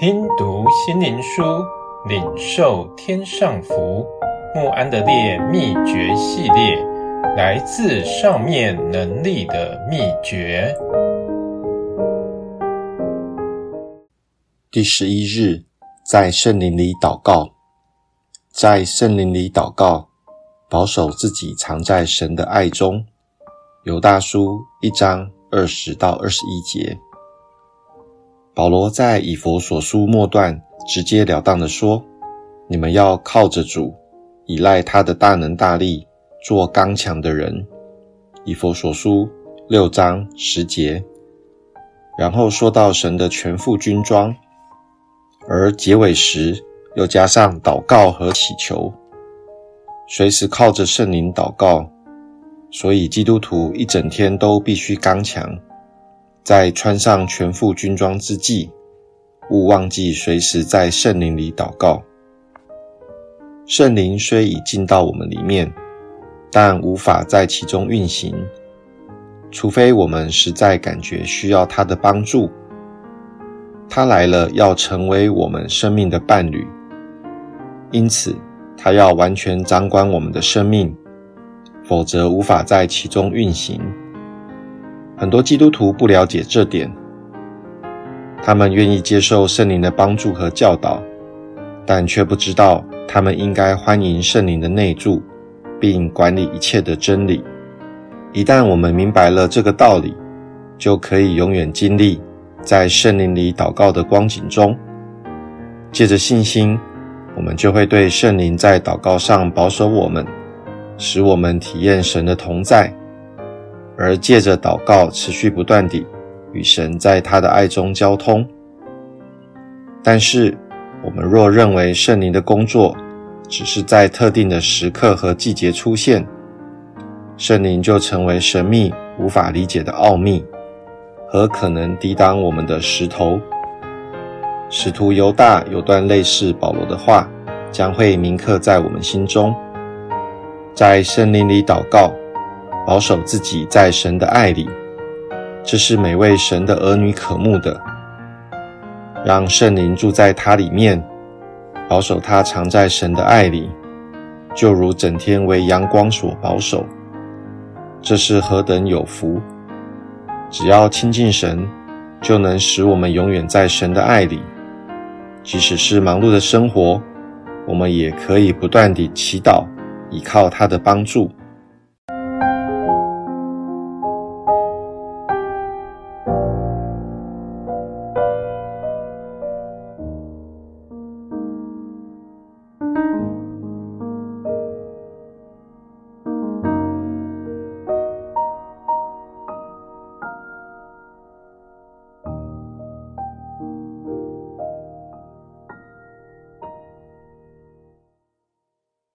聽讀心靈書，領受天上福。慕安德烈秘訣系列，來自上面能力的秘訣。第十一日，在聖靈裡禱告，在聖靈裡禱告，保守自己藏在神的愛中。猶大書一章二十到二十一節。保羅在以弗所書末段直截了當地說：“你們要靠着主，依賴他的大能大力，做剛強的人。”以弗所書六章十節，然後說到神的全副軍裝，而結尾時又加上禱告和祈求，隨時靠着聖靈禱告。所以基督徒一整天都必須剛強。在穿上全副軍裝之際，勿忘記隨時在聖靈裡禱告。聖靈雖已進到我們裡面，但無法在其中運行，除非我們實在感覺需要他的幫助。他來了，要成為我們生命的伴侶，因此他要完全掌管我們的生命，否則無法在其中運行。很多基督徒不了解這點，他們願意接受聖靈的幫助和教導，但卻不知道他們應該歡迎聖靈的內住，並管理一切的真理。一旦我們明白了這個道理，就可以永遠經歷在聖靈裡禱告的光景中。借着信心，我們就會對聖靈在禱告上保守我們，使我們體驗神的同在。而借着禱告，持續不斷地與神在他的愛中交通。但是，我們若認為聖靈的工作只是在特定的時刻和季節出現，聖靈就成為神秘、無法理解的奧秘，和可能抵擋我們的石頭。使徒猶大有段類似保羅的話，將會銘刻在我們心中：在聖靈裡禱告。保守自己在神的愛裡，這是每位神的兒女渴慕的。讓聖靈住在他裡面，保守他常在神的愛裡，就如整天為陽光所保守。這是何等有福！只要親近神，就能使我們永遠在神的愛裡。即使是忙碌的生活，我們也可以不斷地祈禱，依靠他的幫助。